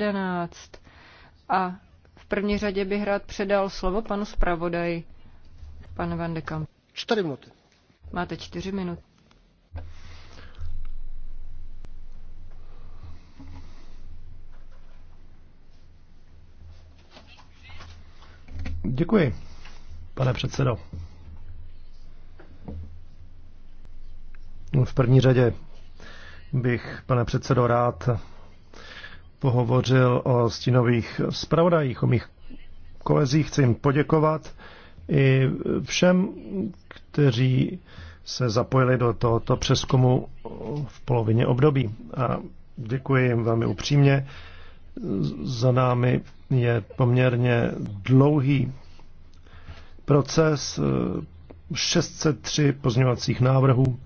11 A v první řadě bych rád předal slovo panu zpravodaji, panu Van de Kamp. Čtyři minuty. Máte čtyři minuty. Děkuji, pane předsedo. V první řadě bych, pane předsedo, rád pohovořil o stínových zpravodajích, o mých kolezích. Chci jim poděkovat i všem, kteří se zapojili do tohoto přeskumu v polovině období. A děkuji jim velmi upřímně. Za námi je poměrně dlouhý proces 603 pozměňovacích návrhů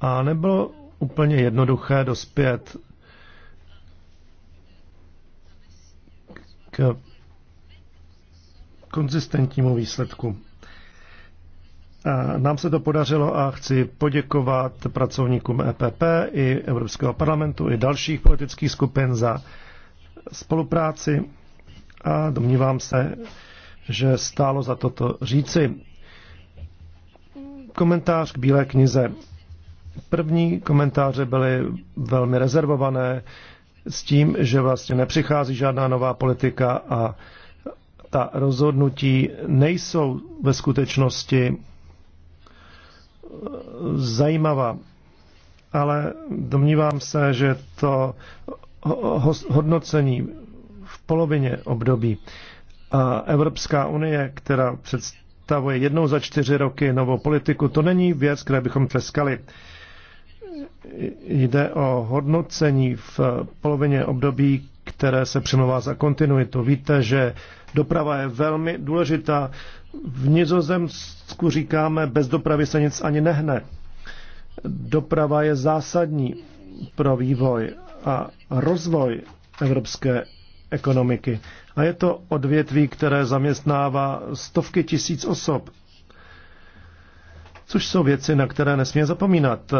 a nebylo úplně jednoduché dospět k konzistentnímu výsledku. nám se to podařilo a chci poděkovat pracovníkům EPP i Evropského parlamentu i dalších politických skupin za spolupráci a domnívám se, že stálo za toto říci. Komentář k Bílé knize. První komentáře byly velmi rezervované, s tím, že vlastně nepřichází žádná nová politika a ta rozhodnutí nejsou ve skutečnosti eh, zajímavá. Ale domnívám se, že to hodnocení v polovině období a Evropská unie, která představuje jednou za čtyři roky novou politiku, to není věc, které bychom tleskali jde o hodnocení v polovině období, které se přimlouvá za kontinuitu. Víte, že doprava je velmi důležitá. V Nizozemsku říkáme, bez dopravy se nic ani nehne. Doprava je zásadní pro vývoj a rozvoj evropské ekonomiky. A je to odvětví, které zaměstnává stovky tisíc osob. Což jsou věci, na které nesmí zapomínat.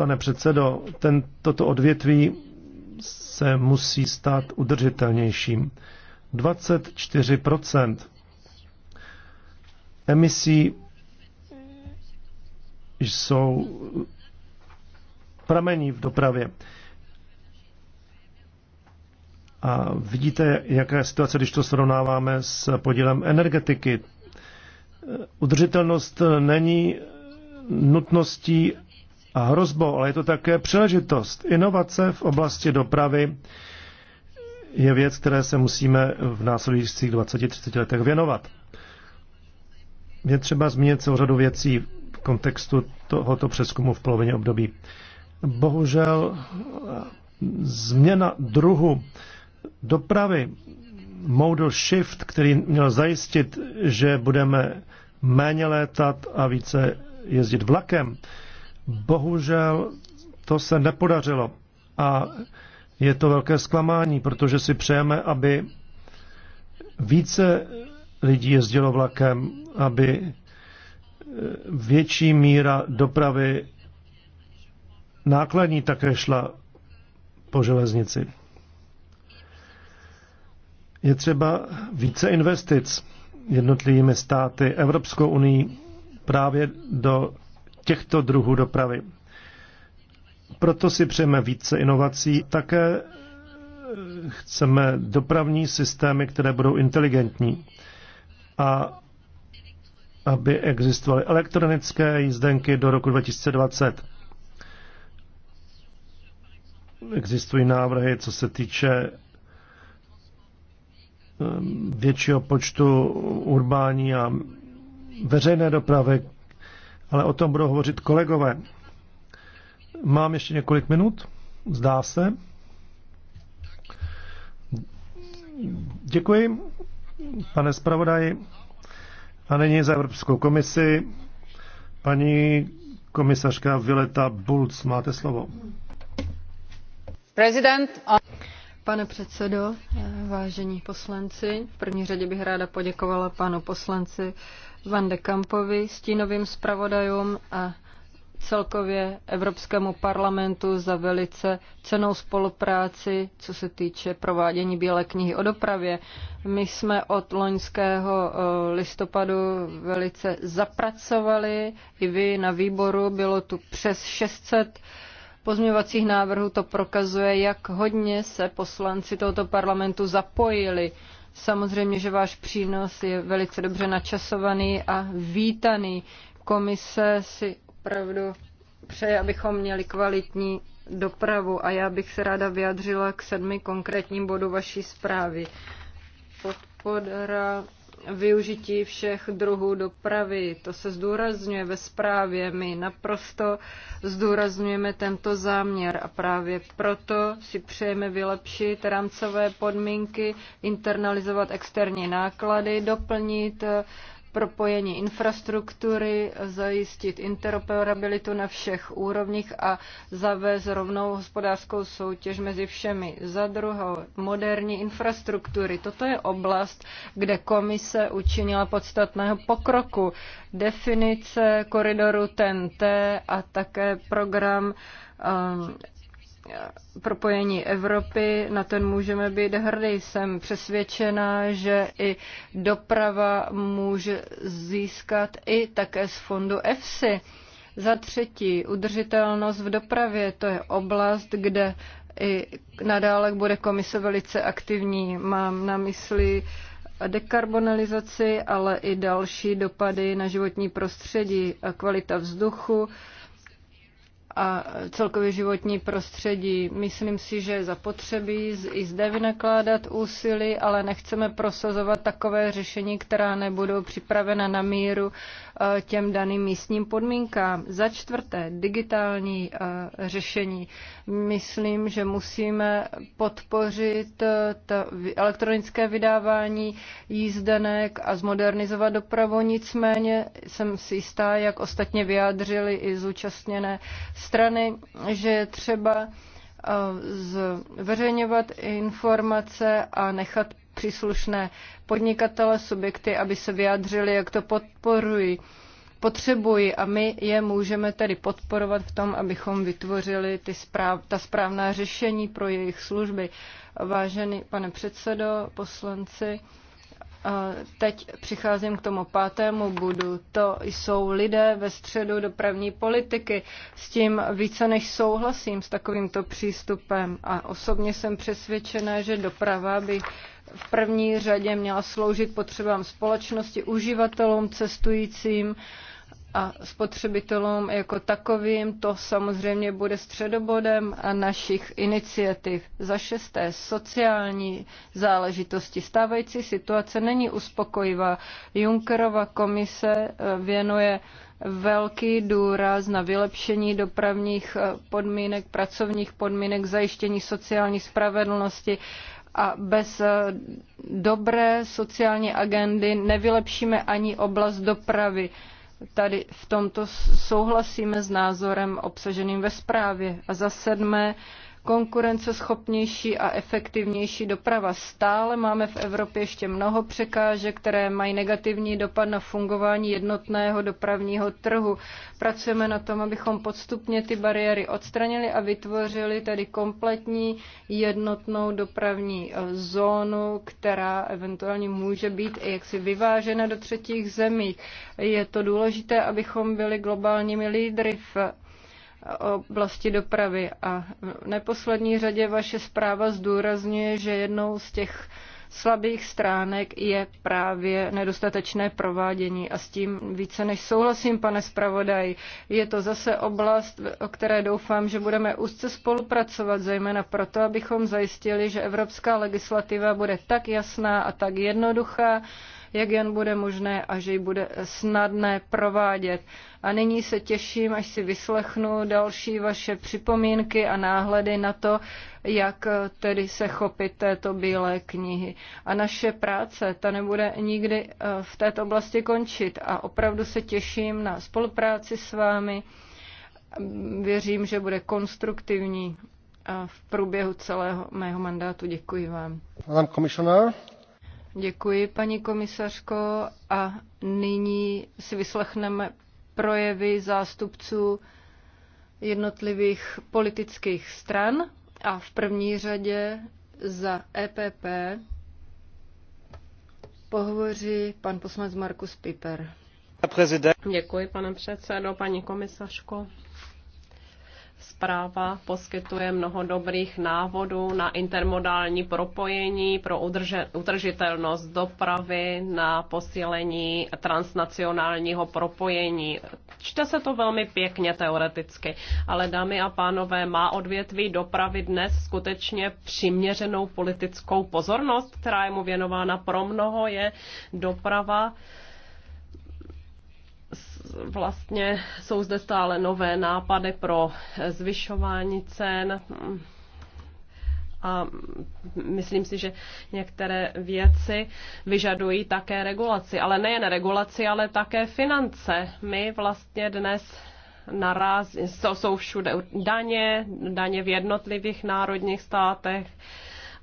Pane předsedo, ten, toto odvětví se musí stát udržitelnějším. 24 emisí jsou pramení v dopravě. A vidíte, jaká je situace, když to srovnáváme s podílem energetiky. Udržitelnost není nutností a hrozbou, ale je to také příležitost. Inovace v oblasti dopravy je věc, které se musíme v následujících 20-30 letech věnovat. Je třeba zmínit celou řadu věcí v kontextu tohoto přeskumu v polovině období. Bohužel změna druhu dopravy, modal shift, který měl zajistit, že budeme méně létat a více jezdit vlakem, Bohužel to se nepodařilo a je to velké zklamání, protože si přejeme, aby více lidí jezdilo vlakem, aby eh, větší míra dopravy nákladní také šla po železnici. Je třeba více investic jednotlivými státy Evropskou unii právě do těchto druhů dopravy. Proto si přejeme více inovací. Také eh, chceme dopravní systémy, které budou inteligentní a aby existovaly elektronické jízdenky do roku 2020. Existují návrhy, co se týče eh, většího počtu urbání a veřejné dopravy, ale o tom budou hovořit kolegové. Mám ještě několik minut, zdá se. Děkuji, pane zpravodaji. A nyní za Evropskou komisi paní komisařka Violeta Bulc. Máte slovo. President, Pane předsedo, eh, vážení poslanci, v první řadě bych ráda poděkovala panu poslanci Van de Kampovi, stínovým zpravodajům a celkově Evropskému parlamentu za velice cenou spolupráci, co se týče provádění Bílé knihy o dopravě. My jsme od loňského eh, listopadu velice zapracovali, i vy na výboru bylo tu přes 600 pozměvacích návrhů to prokazuje, jak hodně se poslanci tohoto parlamentu zapojili Samozřejmě, že váš přínos je velice dobře načasovaný a vítaný. Komise si opravdu přeje, abychom měli kvalitní dopravu a já bych se ráda vyjadřila k sedmi konkrétním bodu vaší zprávy. Podpora využití všech druhů dopravy. To se zdůrazňuje ve zprávě. My naprosto zdůrazňujeme tento záměr a právě proto si přejeme vylepšit rámcové podmínky, internalizovat externí náklady, doplnit propojení infrastruktury, zajistit interoperabilitu na všech úrovních a zavést rovnou hospodářskou soutěž mezi všemi. Za druhou, moderní infrastruktury. Toto je oblast, kde komise učinila podstatného pokroku. Definice koridoru TNT a také program um, propojení Evropy, na ten můžeme být hrdý. Jsem přesvědčena, že i doprava může získat i také z fondu EFSI. Za třetí, udržitelnost v dopravě, to je oblast, kde i nadále bude komise velice aktivní. Mám na mysli dekarbonalizaci, ale i další dopady na životní prostředí a kvalita vzduchu, a celkově životní prostředí. Myslím si, že je zapotřebí i zde vynakládat úsilí, ale nechceme prosazovat takové řešení, která nebudou připravena na míru eh, těm daným místním podmínkám. Za čtvrté, digitální eh, řešení. Myslím, že musíme podpořit eh, to elektronické vydávání jízdenek a zmodernizovat dopravu. Nicméně jsem si jistá, jak ostatně vyjádřili i zúčastněné strany, že je třeba eh, zveřejňovat informace a nechat příslušné podnikatele, subjekty, aby se vyjádřili, jak to podporují potřebují a my je můžeme tedy podporovat v tom, abychom vytvořili ty správ, ta správná řešení pro jejich služby. Vážený pane předsedo, poslanci, Teď přicházím k tomu pátému budu. To jsou lidé ve středu dopravní politiky. S tím více než souhlasím s takovýmto přístupem a osobně jsem přesvědčená, že doprava by v první řadě měla sloužit potřebám společnosti, uživatelům, cestujícím a spotřebitelům jako takovým to samozřejmě bude středobodem našich iniciativ. Za šesté, sociální záležitosti. Stávající situace není uspokojivá. Junckerova komise eh, věnuje velký důraz na vylepšení dopravních eh, podmínek, pracovních podmínek, zajištění sociální spravedlnosti a bez eh, dobré sociální agendy nevylepšíme ani oblast dopravy. Tady v tomto souhlasíme s názorem obsaženým ve zprávě. A za sedmé, konkurenceschopnější a efektivnější doprava. Stále máme v Evropě ještě mnoho překážek, které mají negativní dopad na fungování jednotného dopravního trhu. Pracujeme na tom, abychom podstupně ty bariéry odstranili a vytvořili tedy kompletní jednotnou dopravní eh, zónu, která eventuálně může být i jaksi vyvážena do třetích zemí. Je to důležité, abychom byli globálními lídry v oblasti dopravy. A v neposlední řadě vaše zpráva zdůrazňuje, že jednou z těch slabých stránek je právě nedostatečné provádění a s tím více než souhlasím, pane zpravodaj. Je to zase oblast, o které doufám, že budeme úzce spolupracovat, zejména proto, abychom zajistili, že evropská legislativa bude tak jasná a tak jednoduchá, jak jen bude možné a že ji bude snadné provádět. A nyní se těším, až si vyslechnu další vaše připomínky a náhledy na to, jak tedy se chopit této bílé knihy. A naše práce, ta nebude nikdy eh, v této oblasti končit a opravdu se těším na spolupráci s vámi. Věřím, že bude konstruktivní eh, v průběhu celého mého mandátu. Děkuji vám. Madame Commissioner. Děkuji, paní komisařko. A nyní si vyslechneme projevy zástupců jednotlivých politických stran a v první řadě za EPP pohovoří pan poslanec Markus Piper. Děkuji, pane předsedo, paní komisařko. Zpráva poskytuje mnoho dobrých návodů na intermodální propojení pro udržitelnost dopravy, na posílení transnacionálního propojení. Čte se to velmi pěkně teoreticky, ale dámy a pánové, má odvětví dopravy dnes skutečně přiměřenou politickou pozornost, která je mu věnována pro mnoho, je doprava vlastně jsou zde stále nové nápady pro zvyšování cen a myslím si, že některé věci vyžadují také regulaci, ale nejen regulaci, ale také finance. My vlastně dnes naraz, jsou všude daně, daně v jednotlivých národních státech,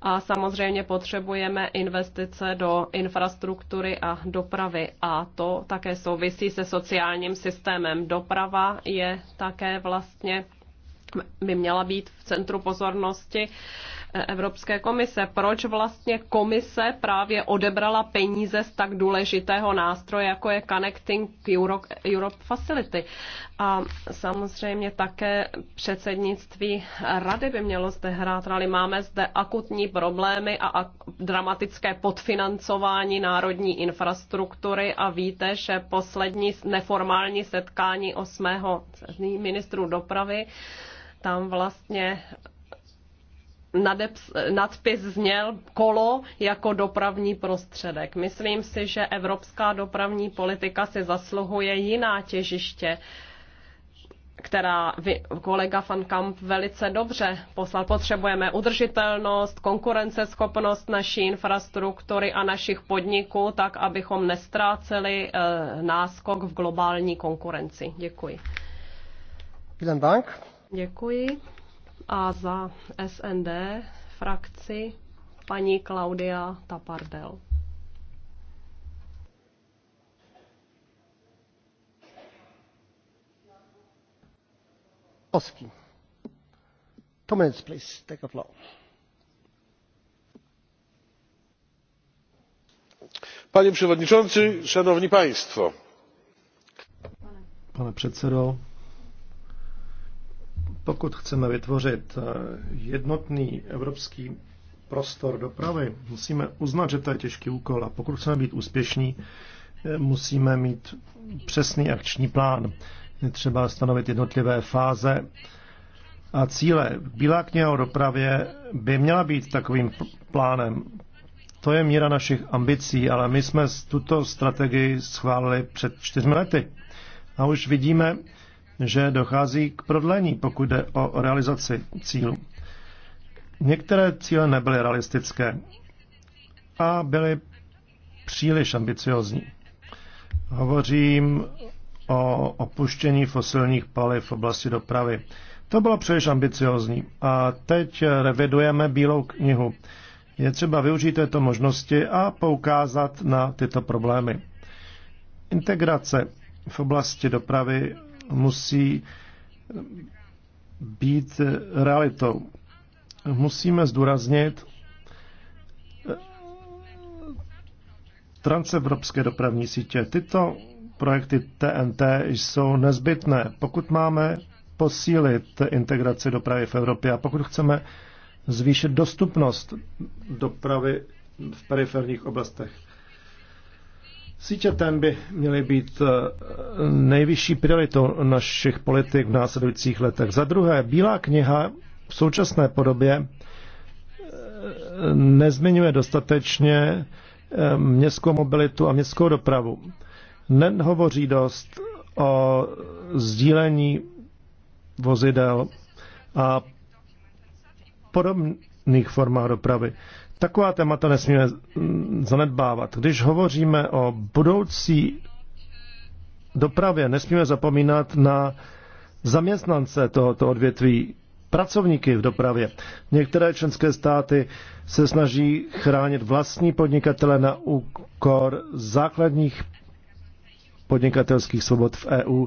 a samozřejmě potřebujeme investice do infrastruktury a dopravy. A to také souvisí se sociálním systémem. Doprava je také vlastně by měla být v centru pozornosti Evropské komise. Proč vlastně komise právě odebrala peníze z tak důležitého nástroje, jako je Connecting Europe, Europe Facility? A samozřejmě také předsednictví rady by mělo zde hrát roli. Máme zde akutní problémy a dramatické podfinancování národní infrastruktury a víte, že poslední neformální setkání 8. ministrů dopravy tam vlastně nadeps, nadpis zněl kolo jako dopravní prostředek. Myslím si, že evropská dopravní politika si zasluhuje jiná těžiště která vy, kolega Van Kamp velice dobře poslal. Potřebujeme udržitelnost, konkurenceschopnost naší infrastruktury a našich podniků, tak abychom nestráceli e, náskok v globální konkurenci. Děkuji. Vielen Dank. Děkuji a za SND frakci paní Klaudia Tapardel. Osky. Two minutes, please. Take a floor. Panie przewodniczący, szanowni państwo. Pane předsedo, pokud chceme vytvořit eh, jednotný evropský prostor dopravy, musíme uznat, že to je těžký úkol a pokud chceme být úspěšní, eh, musíme mít přesný akční plán. Je třeba stanovit jednotlivé fáze a cíle. Bílá kniha o dopravě by měla být takovým plánem. To je míra našich ambicí, ale my jsme tuto strategii schválili před čtyřmi lety. A už vidíme, že dochází k prodlení, pokud jde o realizaci cílů. Některé cíle nebyly realistické a byly příliš ambiciozní. Hovořím o opuštění fosilních paliv v oblasti dopravy. To bylo příliš ambiciozní a teď revidujeme Bílou knihu. Je třeba využít této možnosti a poukázat na tyto problémy. Integrace v oblasti dopravy musí být realitou. Musíme zdůraznit eh, transevropské dopravní sítě. Tyto projekty TNT jsou nezbytné, pokud máme posílit integraci dopravy v Evropě a pokud chceme zvýšit dostupnost dopravy v periferních oblastech. Sítě TEN by měly být eh, nejvyšší prioritou našich politik v následujících letech. Za druhé, Bílá kniha v současné podobě eh, nezmiňuje dostatečně eh, městskou mobilitu a městskou dopravu. Nehovoří dost o sdílení vozidel a podobných formách dopravy. Taková témata nesmíme zanedbávat. Když hovoříme o budoucí dopravě, nesmíme zapomínat na zaměstnance tohoto odvětví, pracovníky v dopravě. Některé členské státy se snaží chránit vlastní podnikatele na úkor základních podnikatelských svobod v EU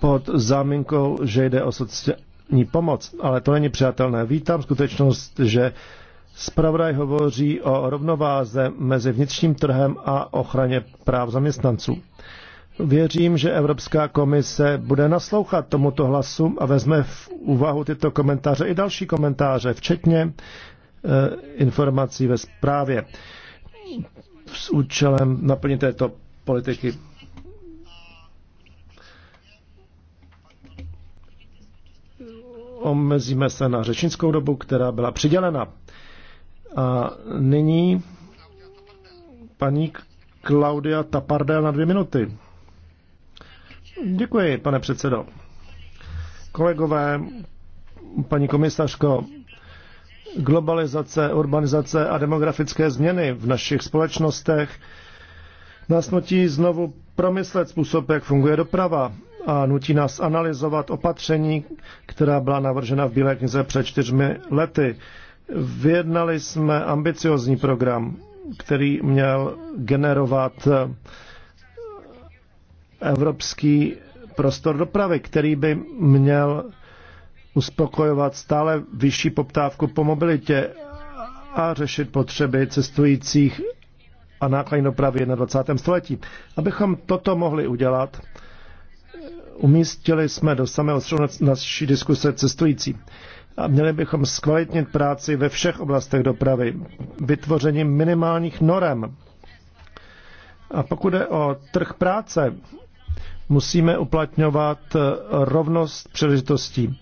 pod záminkou, že jde o sociální pomoc. Ale to není přijatelné. Vítám skutečnost, že Spravodaj hovoří o rovnováze mezi vnitřním trhem a ochraně práv zaměstnanců. Věřím, že Evropská komise bude naslouchat tomuto hlasu a vezme v úvahu tyto komentáře i další komentáře, včetně e, informací ve zprávě s účelem naplnit této politiky. Omezíme se na řečnickou dobu, která byla přidělena. A nyní paní Klaudia Tapardel na dvě minuty. Děkuji, pane předsedo. Kolegové, paní komisařko, globalizace, urbanizace a demografické změny v našich společnostech nás nutí znovu promyslet způsob, jak funguje doprava a nutí nás analyzovat opatření, která byla navržena v Bílé knize před čtyřmi lety. Vyjednali jsme ambiciozní program, který měl generovat eh, evropský prostor dopravy, který by měl uspokojovat stále vyšší poptávku po mobilitě a řešit potřeby cestujících a nákladní dopravy na 20. století. Abychom toto mohli udělat, umístili jsme do samého středu naší diskuse cestující a měli bychom zkvalitnit práci ve všech oblastech dopravy vytvořením minimálních norem. A pokud je o trh práce, musíme uplatňovat eh, rovnost příležitostí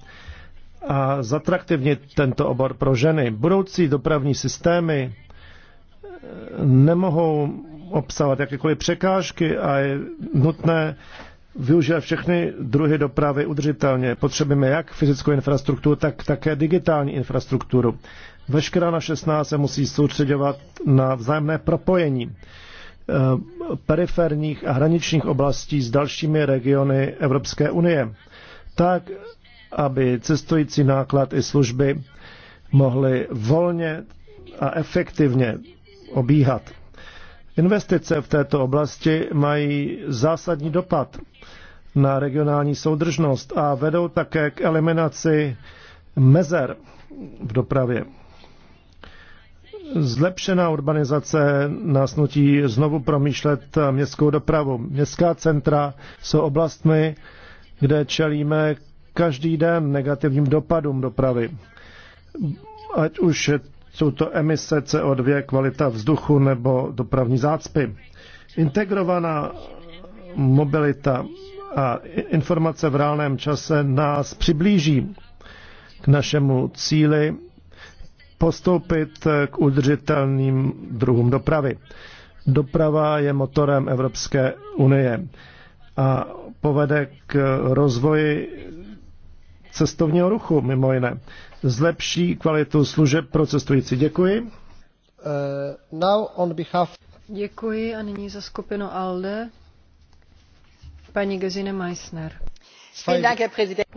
a zatraktivnit tento obor pro ženy. Budoucí dopravní systémy eh, nemohou obsahovat jakékoliv překážky a je nutné využívat všechny druhy dopravy udržitelně. Potřebujeme jak fyzickou infrastrukturu, tak také digitální infrastrukturu. Veškerá na 16 se musí soustředovat na vzájemné propojení eh, periferních a hraničních oblastí s dalšími regiony Evropské unie, tak, aby cestující náklad i služby mohly volně a efektivně obíhat. Investice v této oblasti mají zásadní dopad na regionální soudržnost a vedou také k eliminaci mezer v dopravě. Zlepšená urbanizace nás nutí znovu promýšlet městskou dopravu. Městská centra jsou oblastmi, kde čelíme každý den negativním dopadům dopravy. Ať už jsou to emise CO2, kvalita vzduchu nebo dopravní zácpy. Integrovaná mobilita a informace v reálném čase nás přiblíží k našemu cíli postoupit k udržitelným druhům dopravy. Doprava je motorem Evropské unie a povede k rozvoji cestovního ruchu, mimo jiné zlepší kvalitu služeb pro cestující. Děkuji. Uh, now on behalf... Děkuji a nyní za skupinu ALDE paní Gesine Meissner.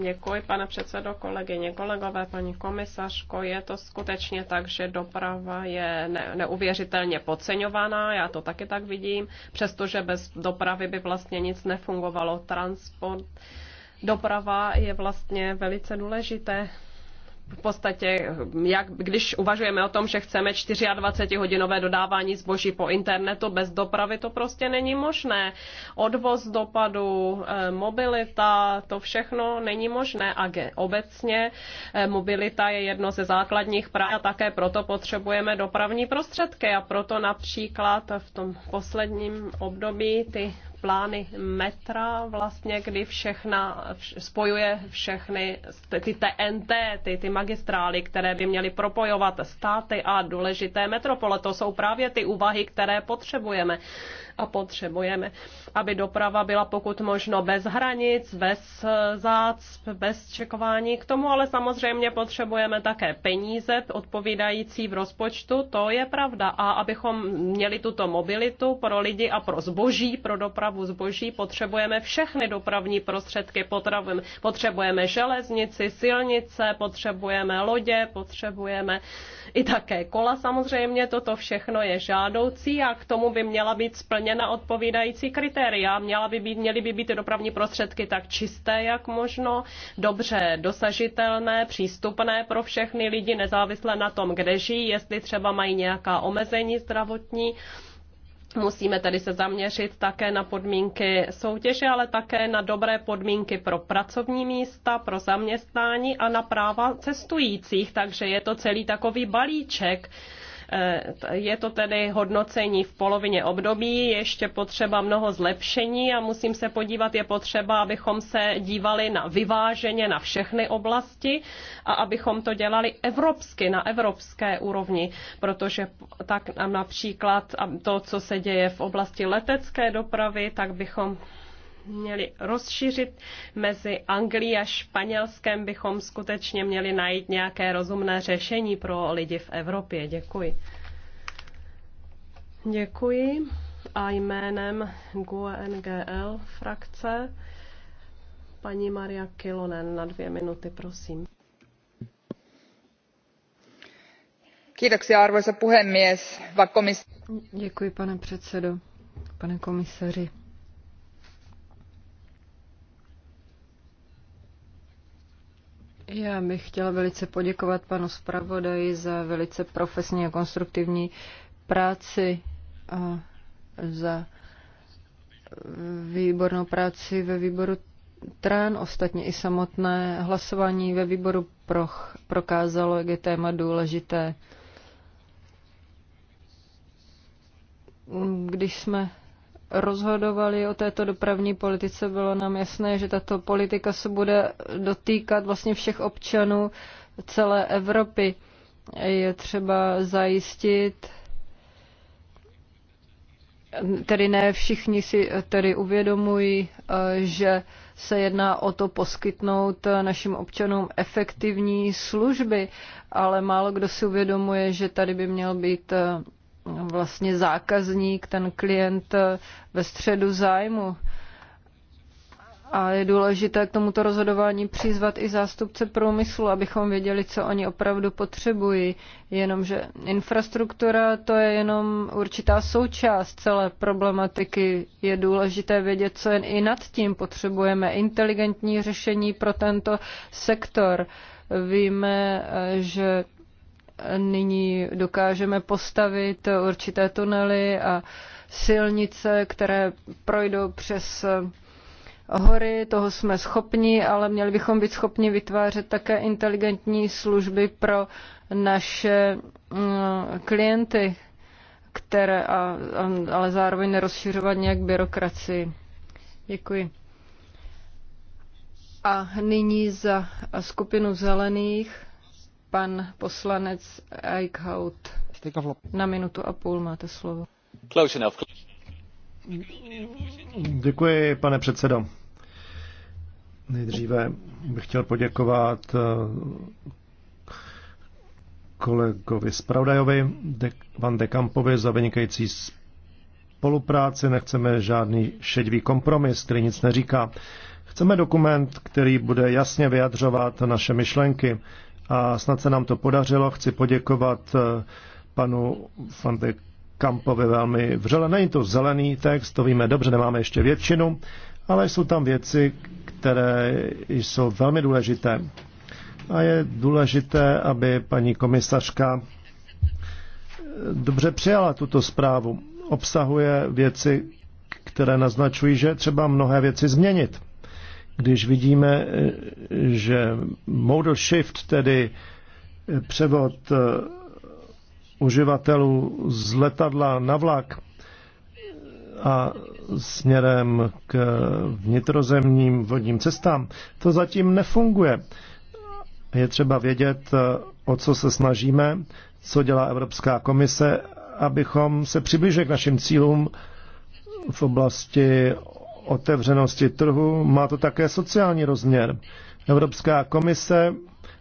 Děkuji, pane předsedo, kolegyně, kolegové, paní komisařko. Je to skutečně tak, že doprava je ne, neuvěřitelně podceňovaná, já to taky tak vidím, přestože bez dopravy by vlastně nic nefungovalo. Transport, doprava je vlastně velice důležité v podstatě, jak, když uvažujeme o tom, že chceme 24-hodinové dodávání zboží po internetu bez dopravy, to prostě není možné. Odvoz dopadu, eh, mobilita, to všechno není možné. A obecně eh, mobilita je jedno ze základních práv a také proto potřebujeme dopravní prostředky a proto například v tom posledním období ty plány metra, vlastně, kdy všechna, spojuje všechny ty TNT, ty, ty magistrály, které by měly propojovat státy a důležité metropole. To jsou právě ty úvahy, které potřebujeme a potřebujeme, aby doprava byla pokud možno bez hranic, bez eh, zácp, bez čekování. K tomu ale samozřejmě potřebujeme také peníze odpovídající v rozpočtu, to je pravda. A abychom měli tuto mobilitu pro lidi a pro zboží, pro dopravu zboží, potřebujeme všechny dopravní prostředky, potravím. potřebujeme železnici, silnice, potřebujeme lodě, potřebujeme i také kola samozřejmě, toto všechno je žádoucí a k tomu by měla být splněna splněna odpovídající kritéria. Měla by být, měly by být dopravní prostředky tak čisté, jak možno, dobře dosažitelné, přístupné pro všechny lidi, nezávisle na tom, kde žijí, jestli třeba mají nějaká omezení zdravotní. Musíme tedy se zaměřit také na podmínky soutěže, ale také na dobré podmínky pro pracovní místa, pro zaměstnání a na práva cestujících. Takže je to celý takový balíček Eh, je to tedy hodnocení v polovině období, ještě potřeba mnoho zlepšení a musím se podívat, je potřeba, abychom se dívali na vyváženě na všechny oblasti a abychom to dělali evropsky, na evropské úrovni, protože tak například to, co se děje v oblasti letecké dopravy, tak bychom měli rozšířit mezi Anglií a Španělskem, bychom skutečně měli najít nějaké rozumné řešení pro lidi v Evropě. Děkuji. Děkuji a jménem GUNGL frakce paní Maria Kilonen na dvě minuty, prosím. Kiitoksia, arvoisa puhemies. Děkuji, pane předsedo, pane komisaři. Já bych chtěla velice poděkovat panu zpravodaji za velice profesní a konstruktivní práci a za výbornou práci ve výboru Trán. Ostatně i samotné hlasování ve výboru proch prokázalo, jak je téma důležité. Když jsme rozhodovali o této dopravní politice, bylo nám jasné, že tato politika se bude dotýkat vlastně všech občanů celé Evropy. Je třeba zajistit, tedy ne všichni si tedy uvědomují, že se jedná o to poskytnout našim občanům efektivní služby, ale málo kdo si uvědomuje, že tady by měl být No. vlastně zákazník, ten klient eh, ve středu zájmu. A je důležité k tomuto rozhodování přizvat i zástupce průmyslu, abychom věděli, co oni opravdu potřebují. Jenomže infrastruktura to je jenom určitá součást celé problematiky. Je důležité vědět, co jen i nad tím potřebujeme. Inteligentní řešení pro tento sektor. Víme, eh, že nyní dokážeme postavit určité tunely a silnice, které projdou přes hory, toho jsme schopni, ale měli bychom být schopni vytvářet také inteligentní služby pro naše mm, klienty, které, a, ale zároveň nerozšiřovat nějak byrokracii. Děkuji. A nyní za skupinu zelených pan poslanec Eichhout. Na minutu a půl máte slovo. Děkuji, pane předsedo. Nejdříve bych chtěl poděkovat eh, kolegovi Spravdajovi, Van de Kampovi za vynikající spolupráci. Nechceme žádný šedivý kompromis, který nic neříká. Chceme dokument, který bude jasně vyjadřovat naše myšlenky, a snad se nám to podařilo. Chci poděkovat eh, panu Fante Kampovi velmi vřele. Není to zelený text, to víme dobře, nemáme ještě většinu, ale jsou tam věci, které jsou velmi důležité. A je důležité, aby paní komisařka eh, dobře přijala tuto zprávu. Obsahuje věci, které naznačují, že třeba mnohé věci změnit když vidíme, že modal shift, tedy převod eh, uživatelů z letadla na vlak a směrem k vnitrozemním vodním cestám, to zatím nefunguje. Je třeba vědět, eh, o co se snažíme, co dělá Evropská komise, abychom se přiblížili k našim cílům v oblasti otevřenosti trhu, má to také sociální rozměr. Evropská komise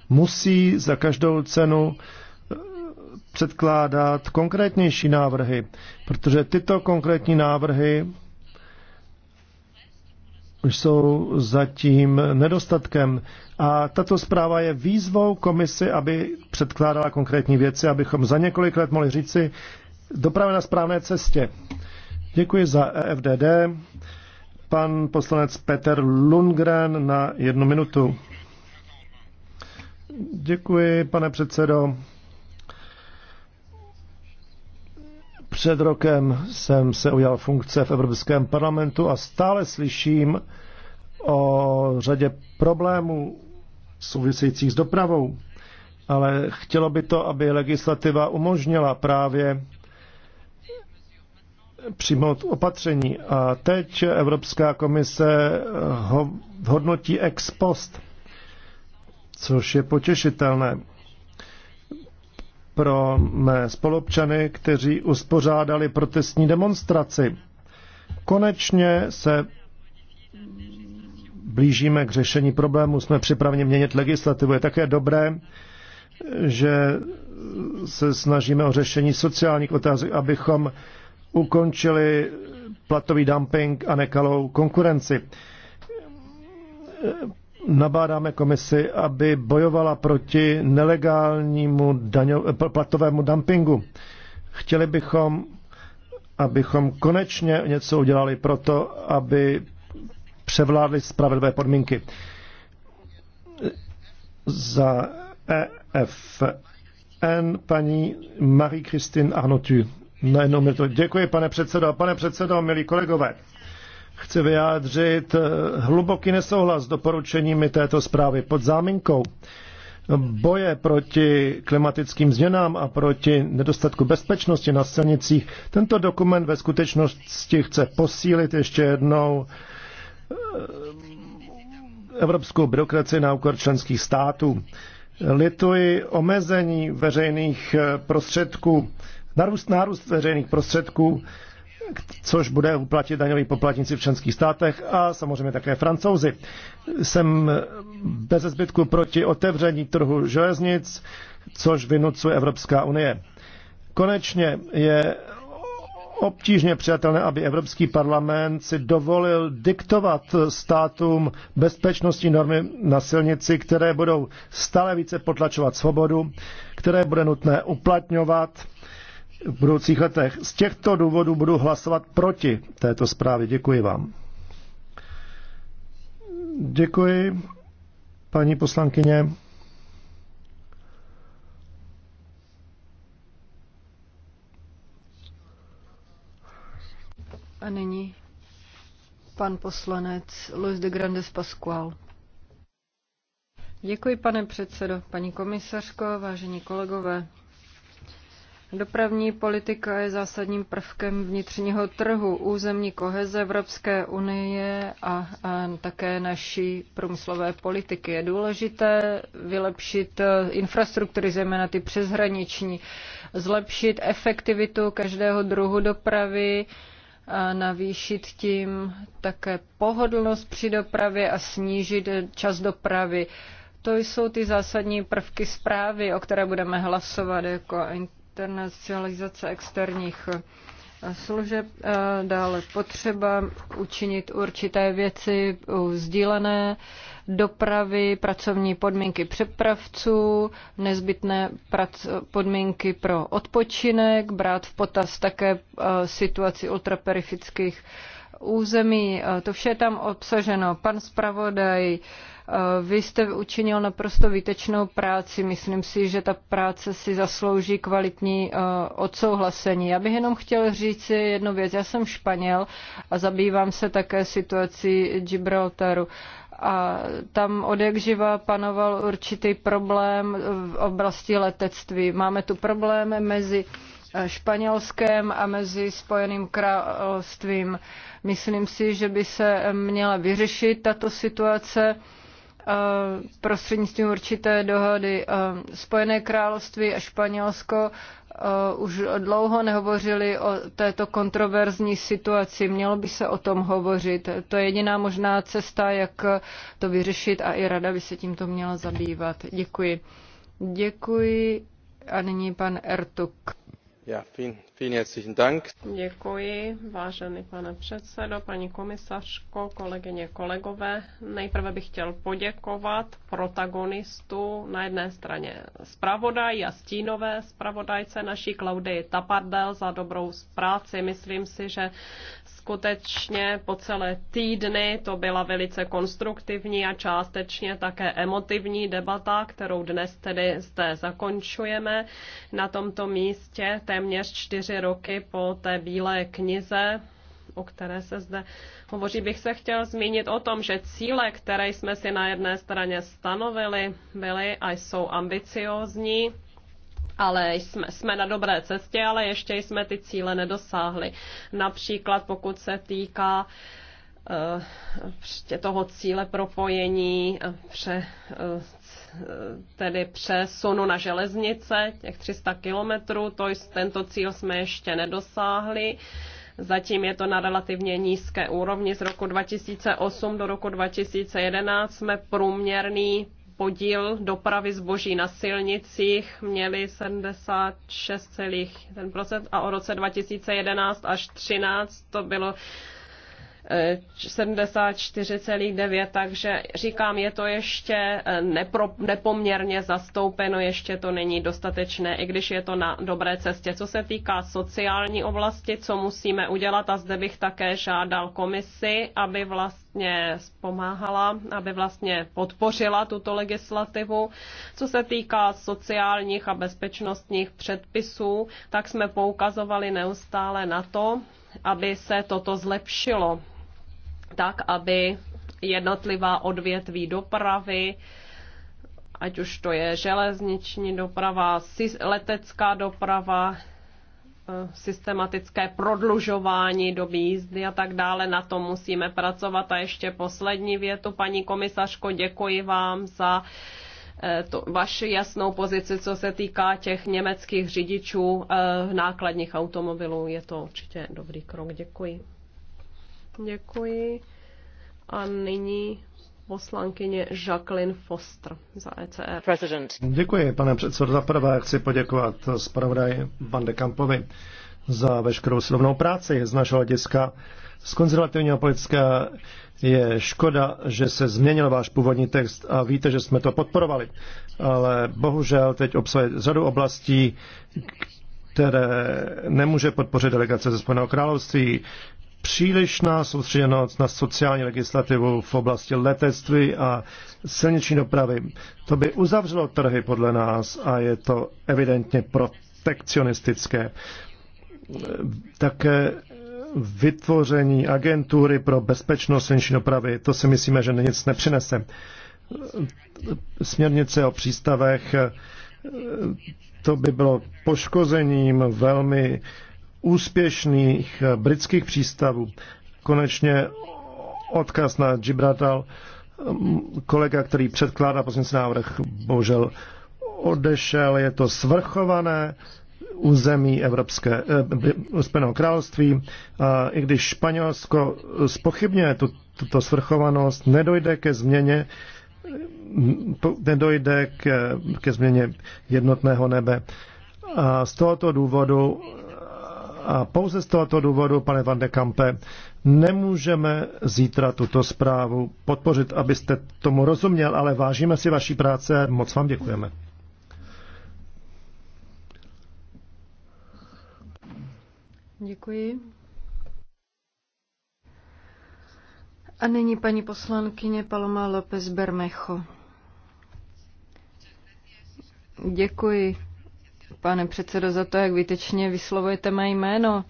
musí za každou cenu eh, předkládat konkrétnější návrhy, protože tyto konkrétní návrhy jsou zatím nedostatkem. A tato zpráva je výzvou komisi, aby předkládala konkrétní věci, abychom za několik let mohli říci, doprava na správné cestě. Děkuji za EFDD. Pan poslanec Peter Lundgren na jednu minutu. Děkuji, pane předsedo. Před rokem jsem se ujal funkce v Evropském parlamentu a stále slyším o řadě problémů souvisejících s dopravou. Ale chtělo by to, aby legislativa umožnila právě přijmout opatření. A teď Evropská komise eh, ho hodnotí ex post, což je potěšitelné pro mé spolupčany, kteří uspořádali protestní demonstraci. Konečně se blížíme k řešení problému, jsme připraveni měnit legislativu. Je také dobré, že se snažíme o řešení sociálních otázek, abychom ukončili platový dumping a nekalou konkurenci. Nabádáme komisi, aby bojovala proti nelegálnímu daňo, platovému dumpingu. Chtěli bychom, abychom konečně něco udělali pro to, aby převládly spravedlivé podmínky. Za EFN paní Marie-Christine Arnotu. Na no jednu to. Děkuji, pane předsedo. Pane předsedo, milí kolegové, chci vyjádřit eh, hluboký nesouhlas s doporučeními této zprávy pod záminkou boje proti klimatickým změnám a proti nedostatku bezpečnosti na silnicích. Tento dokument ve skutečnosti chce posílit ještě jednou eh, evropskou byrokracii na úkor členských států. Lituji omezení veřejných eh, prostředků narůst nárůst veřejných prostředků, což bude uplatit daňový poplatníci v členských státech a samozřejmě také francouzi. Jsem bez zbytku proti otevření trhu železnic, což vynucuje Evropská unie. Konečně je obtížně přijatelné, aby Evropský parlament si dovolil diktovat státům bezpečnostní normy na silnici, které budou stále více potlačovat svobodu, které bude nutné uplatňovat v budoucích letech. Z těchto důvodů budu hlasovat proti této zprávě. Děkuji vám. Děkuji, paní poslankyně. A nyní pan poslanec Luis de Grandes Pascual. Děkuji, pane předsedo, paní komisařko, vážení kolegové. Dopravní politika je zásadním prvkem vnitřního trhu, územní koheze Evropské unie a, a také naší průmyslové politiky. Je důležité vylepšit eh, infrastruktury, zejména ty přeshraniční, zlepšit efektivitu každého druhu dopravy, a navýšit tím také pohodlnost při dopravě a snížit eh, čas dopravy. To jsou ty zásadní prvky zprávy, o které budeme hlasovat jako internacionalizace externích eh, služeb, eh, dále potřeba učinit určité věci sdílené dopravy, pracovní podmínky přepravců, nezbytné podmínky pro odpočinek, brát v potaz také eh, situaci ultraperifických území. To vše je tam obsaženo. Pan zpravodaj Eh, vy jste učinil naprosto výtečnou práci. Myslím si, že ta práce si zaslouží kvalitní eh, odsouhlasení. Já bych jenom chtěl říct jednu věc. Já jsem Španěl a zabývám se také situací Gibraltaru a tam od jak živa panoval určitý problém v oblasti letectví. Máme tu problém mezi eh, Španělském a mezi Spojeným královstvím. Myslím si, že by se měla vyřešit tato situace Eh, prostřednictvím určité dohody. Eh, Spojené království a Španělsko eh, už dlouho nehovořili o této kontroverzní situaci. Mělo by se o tom hovořit. To je jediná možná cesta, jak to vyřešit a i rada by se tímto měla zabývat. Děkuji. Děkuji a nyní pan Ertuk. Já fin. Děkuji, vážený pane předsedo, paní komisařko, kolegyně, kolegové. Nejprve bych chtěl poděkovat protagonistu na jedné straně zpravodaj a stínové zpravodajce naší Klaudii Tapardel za dobrou práci. Myslím si, že skutečně po celé týdny to byla velice konstruktivní a částečně také emotivní debata, kterou dnes tedy zde zakončujeme. Na tomto místě téměř čtyři čtyři roky po té bílé knize, o které se zde hovoří, bych se chtěl zmínit o tom, že cíle, které jsme si na jedné straně stanovili, byly a jsou ambiciózní, ale jsme, jsme na dobré cestě, ale ještě jsme ty cíle nedosáhli. Například pokud se týká eh, prostě toho cíle propojení eh, pře, eh, tedy přesunu na železnice, těch 300 kilometrů, to tento cíl jsme ještě nedosáhli. Zatím je to na relativně nízké úrovni. Z roku 2008 do roku 2011 jsme průměrný podíl dopravy zboží na silnicích měli 76,1% a o roce 2011 až 13 to bylo 74,9, eh, takže říkám, je to ještě eh, nepro, nepoměrně zastoupeno, ještě to není dostatečné, i když je to na dobré cestě. Co se týká sociální oblasti, co musíme udělat, a zde bych také žádal komisi, aby vlastně spomáhala, aby vlastně podpořila tuto legislativu. Co se týká sociálních a bezpečnostních předpisů, tak jsme poukazovali neustále na to, aby se toto zlepšilo tak, aby jednotlivá odvětví dopravy, ať už to je železniční doprava, letecká doprava, eh, systematické prodlužování do jízdy a tak dále. Na tom musíme pracovat. A ještě poslední větu, paní komisařko, děkuji vám za eh, to, vaši jasnou pozici, co se týká těch německých řidičů eh, nákladních automobilů. Je to určitě dobrý krok. Děkuji. Děkuji. A nyní poslankyně Jacqueline Foster za ECR. President. Děkuji, pane předsedo. Za prvé chci poděkovat zpravodaji Van de Kampovi za veškerou slovnou práci z našeho hlediska. Z konzervativního politická je škoda, že se změnil váš původní text a víte, že jsme to podporovali. Ale bohužel teď obsahuje řadu oblastí, které nemůže podpořit delegace ze Spojeného království přílišná soustředěnost na sociální legislativu v oblasti letectví a silniční dopravy. To by uzavřelo trhy podle nás a je to evidentně protekcionistické. Také vytvoření agentury pro bezpečnost silniční dopravy, to si myslíme, že nic nepřinese. Směrnice o přístavech, to by bylo poškozením velmi úspěšných eh, britských přístavů. Konečně odkaz na Gibraltar. Mm, kolega, který předkládá poslední návrh, bohužel odešel. Je to svrchované území Evropské, eh, království. A I když Španělsko spochybňuje tu, tuto svrchovanost, nedojde ke změně mm, nedojde ke, ke změně jednotného nebe. A z tohoto důvodu a pouze z tohoto důvodu, pane Van de Kampe, nemůžeme zítra tuto zprávu podpořit, abyste tomu rozuměl, ale vážíme si vaší práce, moc vám děkujeme. Děkuji. A nyní paní poslankyně Paloma López Bermecho. Děkuji pane předsedo, za to, jak výtečně vyslovujete mé jméno.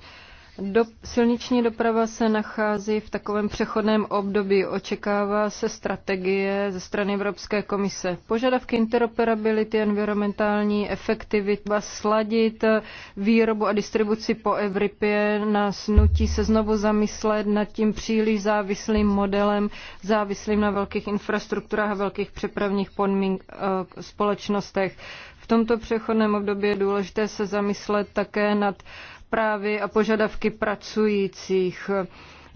Do, silniční doprava se nachází v takovém přechodném období. Očekává se strategie ze strany Evropské komise. Požadavky interoperability, environmentální efektivita, sladit výrobu a distribuci po Evropě nás nutí se znovu zamyslet nad tím příliš závislým modelem, závislým na velkých infrastrukturách a velkých přepravních podmínk, eh, společnostech. V tomto přechodném období je důležité se zamyslet také nad právy a požadavky pracujících.